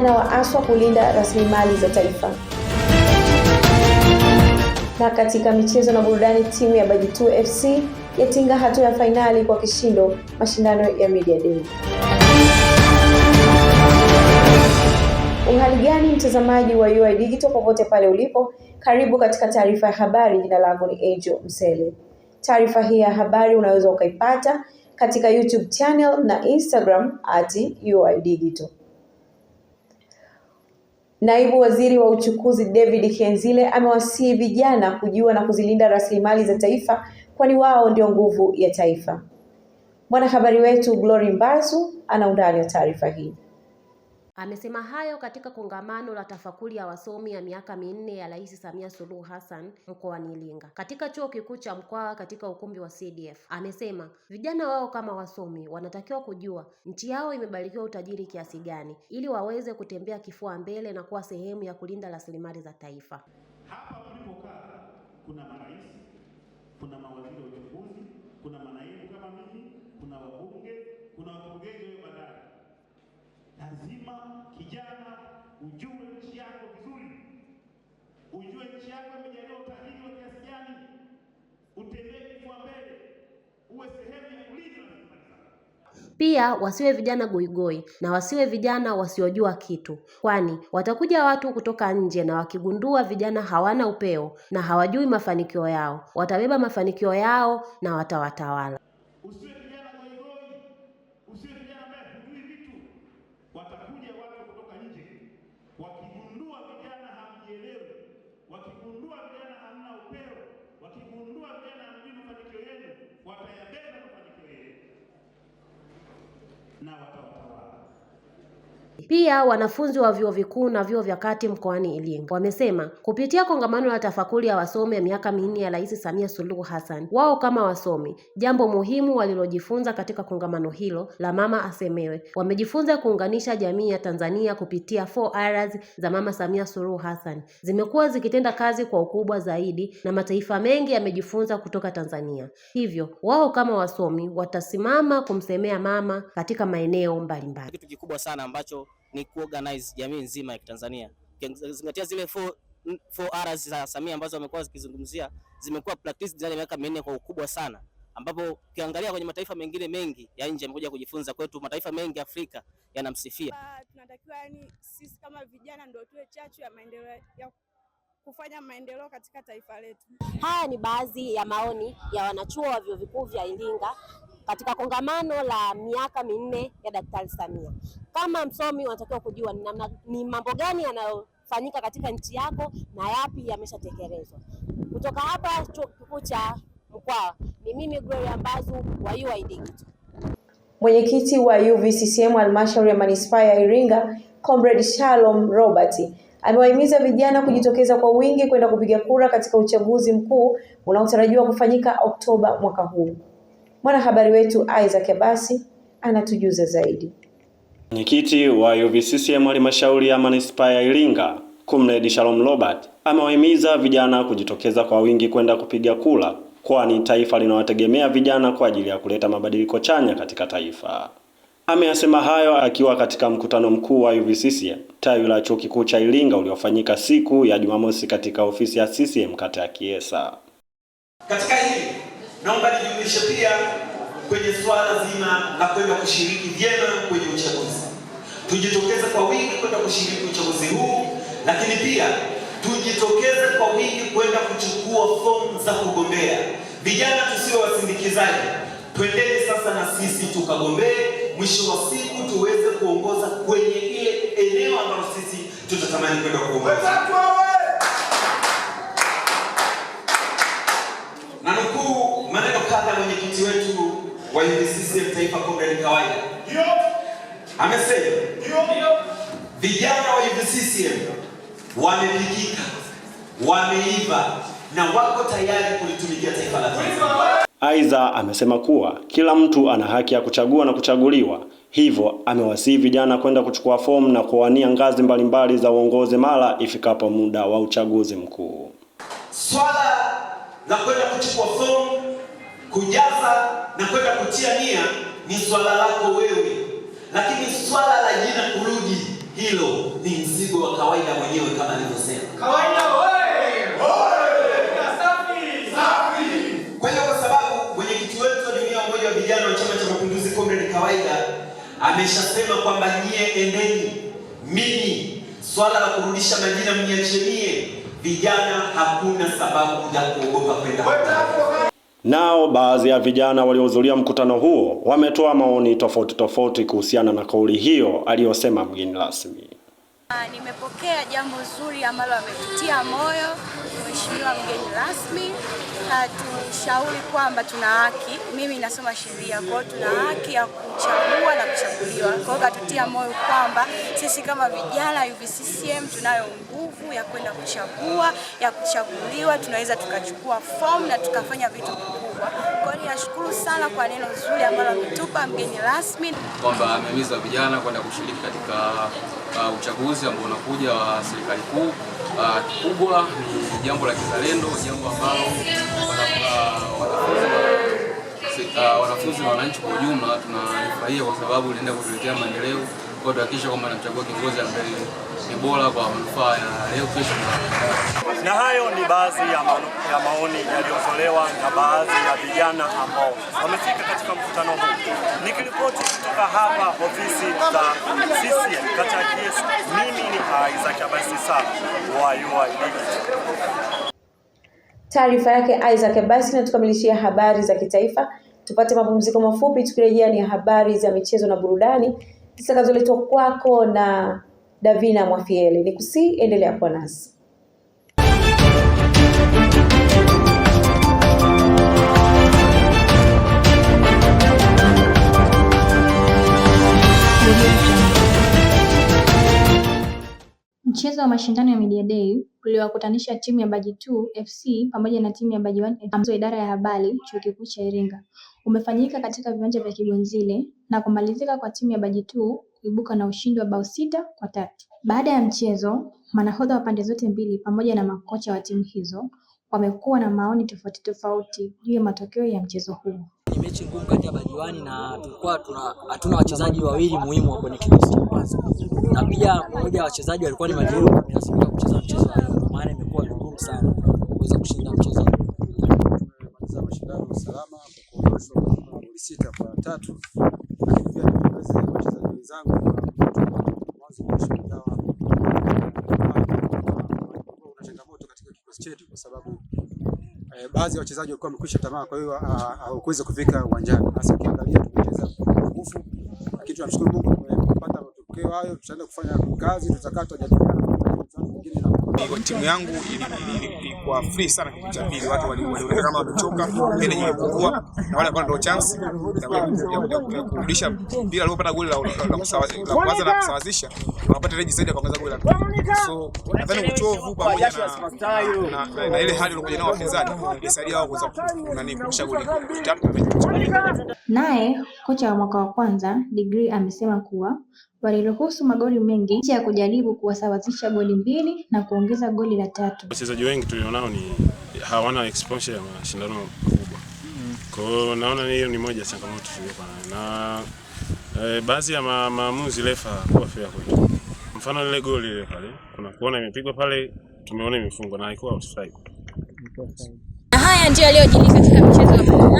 vijana aswa kulinda rasilimali za taifa. Na katika michezo na burudani, timu ya Bajitu FC yatinga hatua ya fainali kwa kishindo mashindano ya Media Day. Uhali gani mtazamaji wa ui Digital popote pale ulipo, karibu katika taarifa ya habari. Jina langu ni Angel Msele. Taarifa hii ya habari unaweza ukaipata katika YouTube channel na Instagram at UoI Digital. Naibu Waziri wa Uchukuzi David Henzile amewasihi vijana kujua na kuzilinda rasilimali za taifa kwani wao ndio nguvu ya taifa. Mwanahabari wetu Glory Mbazu ana undani wa taarifa hii. Amesema hayo katika kongamano la tafakuri ya wasomi ya miaka minne ya Rais Samia Suluhu Hassan mkoani Iringa katika chuo kikuu cha Mkwawa katika ukumbi wa CDF. Amesema vijana wao kama wasomi wanatakiwa kujua nchi yao imebarikiwa utajiri kiasi gani ili waweze kutembea kifua mbele na kuwa sehemu ya kulinda rasilimali za taifa. Hapa kuna marais, kuna mawaziri ujue nchi yako vizuri, ujue nchi yako imejaliwa utajiri wa kiasi gani, utembee kwa mbele, uwe sehemu ya kulinda pia wasiwe vijana goigoi na wasiwe vijana wasiojua kitu, kwani watakuja watu kutoka nje, na wakigundua vijana hawana upeo na hawajui mafanikio yao, watabeba mafanikio yao na watawatawala. Pia wanafunzi wa vyuo vikuu na vyuo vya kati mkoani Iringa wamesema kupitia kongamano la tafakuri ya wasomi ya miaka minne ya Rais Samia Suluhu Hassan, wao kama wasomi, jambo muhimu walilojifunza katika kongamano hilo la Mama Asemewe, wamejifunza kuunganisha jamii ya Tanzania kupitia 4R za Mama Samia Suluhu Hassan zimekuwa zikitenda kazi kwa ukubwa zaidi, na mataifa mengi yamejifunza kutoka Tanzania. Hivyo wao kama wasomi watasimama kumsemea mama katika maeneo mbalimbali. Kitu kikubwa sana ambacho ni kuorganize jamii nzima ya Tanzania. Ukizingatia zile 4R za Samia ambazo wamekuwa zikizungumzia zimekuwa practice ndani ya miaka minne kwa ukubwa sana, ambapo ukiangalia kwenye mataifa mengine mengi ya nje yamekuja kujifunza kwetu. Mataifa mengi Afrika yanamsifia. Tunatakiwa yani, sisi kama vijana ndio tuwe chachu ya maendeleo ya kufanya maendeleo katika taifa letu. Haya ni baadhi ya maoni ya wanachuo wa vyuo vikuu vya Iringa katika kongamano la miaka minne ya Daktari Samia. Kama msomi, unatakiwa kujua ni, ni mambo gani yanayofanyika katika nchi yako na yapi yameshatekelezwa. Kutoka hapa chuo kikuu cha Mkwawa, ni mimi Gloria Mbazu wa UoI Digital. Mwenyekiti wa UVCCM Halmashauri ya Manispaa ya Iringa, Comrade Shalom Robert amewahimiza vijana kujitokeza kwa wingi kwenda kupiga kura katika uchaguzi mkuu unaotarajiwa kufanyika Oktoba mwaka huu. Mwanahabari wetu Isaac Abasi anatujuza zaidi. Mwenyekiti wa UVCCM halmashauri ya manispaa ya Iringa Comrade Shalom Robert amewahimiza vijana kujitokeza kwa wingi kwenda kupiga kura, kwani taifa linawategemea vijana kwa ajili ya kuleta mabadiliko chanya katika taifa. Ameyasema hayo akiwa katika mkutano mkuu wa UVCCM tawi la chuo kikuu cha Iringa uliofanyika siku ya Jumamosi katika ofisi ya CCM kata ya Kiesa. Katika hili Naomba nijumuishe pia kwenye swala zima la kwenda kushiriki vyema kwenye uchaguzi. Tujitokeze kwa wingi kwenda kushiriki uchaguzi huu, lakini pia tujitokeze kwa wingi kwenda kuchukua fomu za kugombea. Vijana tusio wasindikizaji, twendeni sasa na sisi tukagombee, mwisho wa siku tuweze kuongoza kwenye ile eneo ambalo sisi tutatamani kwenda kuongoza. na mwenyekiti wetu wa CCM Taifa Comrade Kawaida amesema vijana wa UVCCM wamepikika, wameiva na wako tayari kulitumikia taifa la Tanzania. Aidha, amesema kuwa kila mtu ana haki ya kuchagua na kuchaguliwa, hivyo amewasihi vijana kwenda kuchukua fomu na kuwania ngazi mbalimbali za uongozi mara ifikapo muda wa uchaguzi mkuu. Swala la kwenda kuchukua fomu Kujaza na kwenda kutia nia ni swala lako wewe, lakini swala la jina kurudi, hilo ni mzigo wa kawaida mwenyewe, kama nilivyosema, kawaida Kwa sababu wa vijana wa Chama cha Mapinduzi Kawaida ameshasema kwamba nyie endeni, mimi swala la kurudisha majina mniachenie vijana, hakuna sababu ya kuogopa kwenda Nao baadhi ya vijana waliohudhuria mkutano huo wametoa maoni tofauti tofauti kuhusiana na kauli hiyo aliyosema mgeni rasmi. Ah, nimepokea jambo zuri ambalo ametutia moyo Mheshimiwa mgeni rasmi. Hatushauri ah, kwamba tuna haki, mimi nasoma sheria, kwao tuna haki ya kuchagua na kuchaguliwa. Kwa hiyo katutia moyo kwamba sisi kama vijana UVCCM tunayo nguvu ya kwenda kuchagua, ya kuchaguliwa, tunaweza tukachukua fomu na tukafanya vitu vikubwa. Kwa hiyo ninashukuru sana kwa neno zuri ambalo ametupa mgeni rasmi, kwamba amehimiza vijana kwenda kushiriki katika uh, uchaguzi ambao unakuja wa serikali kuu uh, kubwa ni jambo la kizalendo, jambo ambalo wanafunzi uh, uh, na wananchi kwa ujumla tunafurahia kwa sababu linaenda kutuletea maendeleo kwa tuhakikisha kwamba namchagua kiongozi ambaye ni bora kwa manufaa ya leo, kesho. Na hayo ni baadhi ya, ma ya maoni yaliyotolewa na baadhi ya vijana ambao wamefika katika mkutano huu. Nikiripoti kutoka hapa ofisi za CCM kata ya Kiesa, mimi ni Isaac Abasisa wa UoI Digital. Taarifa yake Isaac Abasi inatukamilishia habari za kitaifa. Tupate mapumziko mafupi, tukirejea ni habari za michezo na burudani zitakazoletwa kwako na Davina Mwafieli. Ni kusi endelea kuwa nasi. Mchezo wa mashindano ya Media Day uliowakutanisha timu ya Baji 2 FC pamoja na timu ya Baji 1 FC idara ya habari chuo kikuu cha Iringa umefanyika katika viwanja vya Kibonzile na kumalizika kwa timu ya Baji 2 kuibuka na ushindi wa bao sita kwa tatu. Baada ya mchezo, manahodha wa pande zote mbili pamoja na makocha wa timu hizo wamekuwa na maoni tofauti tofauti juu ya matokeo ya mchezo huo mechi ngumu kati ya Bajiwani na tulikuwa hatuna wachezaji wawili muhimu wa kwenye kikosi cha kwanza, na pia mmoja wa wachezaji walikuwa ni majeruhi, amelazimika kucheza mchezo wa leo. Maana imekuwa ngumu sana kuweza kushinda mchezo. Tumemaliza mashindano salama kwa kuondoshwa kwa goli sita kwa tatu. Pia wachezaji wenzangu changamoto katika kikosi chetu kwa sababu eh, baadhi ya wachezaji walikuwa wamekwisha tamaa, kwa hiyo ah, hawakuweza kufika uwanjani. Hasa ukiangalia tumecheza kwa nguvu, lakini tunamshukuru Mungu tumepata matokeo hayo. Tutaenda kufanya kazi, tutakaa na Timu yangu ili, ili, ili kwa free sana kipindi cha pili, watu waliona kama wamechoka, ile imepungua, na wale ambao ndio chance ya kurudisha bila aliyopata goli la kwanza na kusawazisha, wanapata reji zaidi ya kuongeza goli la pili. So nadhani uchovu pamoja na na ile hali waliokuja nao wapinzani ilisaidia wao kuweza nani kusha goli tatu na Naye kocha wa mwaka wa kwanza Degree amesema kuwa waliruhusu magoli mengi licha ya kujaribu kuwasawazisha goli mbili na kuongeza goli la tatu. Wachezaji wengi tulionao ni hawana exposure ya mashindano makubwa, kwa hiyo naona hiyo ni moja changamoto tuliokuwa nayo na e, baadhi ya ma, maamuzi refa hakuwa fair kwetu. Mfano lile goli ile pale kuna kuona imepigwa pale, tumeona imefungwa na haikuwa offside. Na haya ndio yaliyojiri katika mchezo wa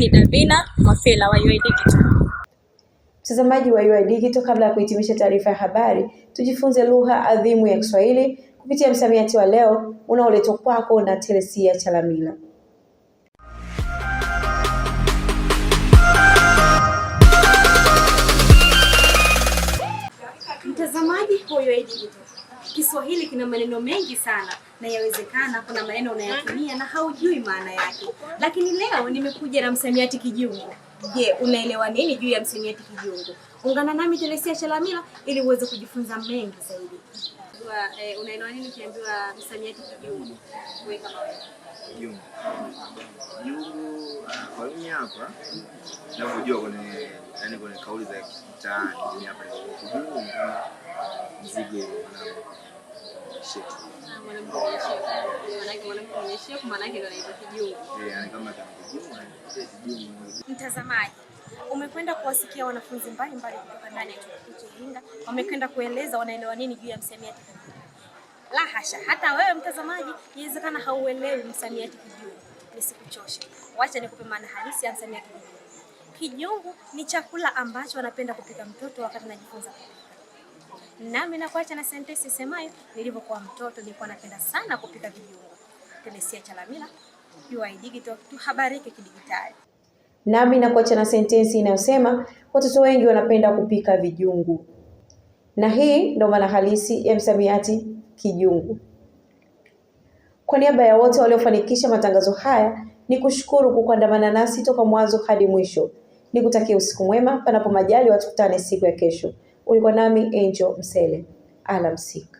ni Davina Mafela wa UoI Digital. Mtazamaji wa UoI Digital, kabla ya kuhitimisha taarifa ya habari, tujifunze lugha adhimu ya Kiswahili kupitia msamiati wa leo unaoletwa kwako na Teresia Chalamila. Mtazamaji wa UoI Digital Kiswahili kina maneno mengi sana, na yawezekana kuna maneno unayatumia na haujui maana yake, lakini leo nimekuja na msamiati kijungu. Je, unaelewa nini juu ya msamiati kijungu? Ungana nami Telesia Chalamila ili uweze kujifunza mengi zaidi. Eh, unaelewa nini ukiambiwa msamiati kijungu? Wewe kama wewe jungu ah, kwa mimi hapa navyojua kwenye yani kwenye kauli za mtaani hapa kijungu mzigo Eh. Mtazamaji, umekwenda kuwasikia wanafunzi mbalimbali kutoka ndani ya chuo kikuu cha Iringa, wamekwenda kueleza wanaelewa nini juu ya msamiati kijuu. La hasha, hata wewe mtazamaji, inawezekana hauelewi msamiati kijuu. Nisikuchoshe, wacha nikupe maana halisi ya msamiati kijuu. Kijungu ni chakula ambacho wanapenda kupika mtoto wakati anajifunza kupika Nami nakuacha na sentensi semayo, nilivyokuwa mtoto nilikuwa napenda sana kupika viungo. Telesia Chalamila, UoI Digital, tuhabariki kidigitali. Nami nakuacha na sentensi inayosema watoto wengi wanapenda kupika vijungu, na hii ndio maana halisi ya msamiati kijungu. Kwa niaba ya wote waliofanikisha matangazo haya, ni kushukuru kukuandamana nasi toka mwanzo hadi mwisho. Nikutakia usiku mwema, panapo majali watukutane siku ya kesho. Ulikuwa nami Angel Msele, alamsika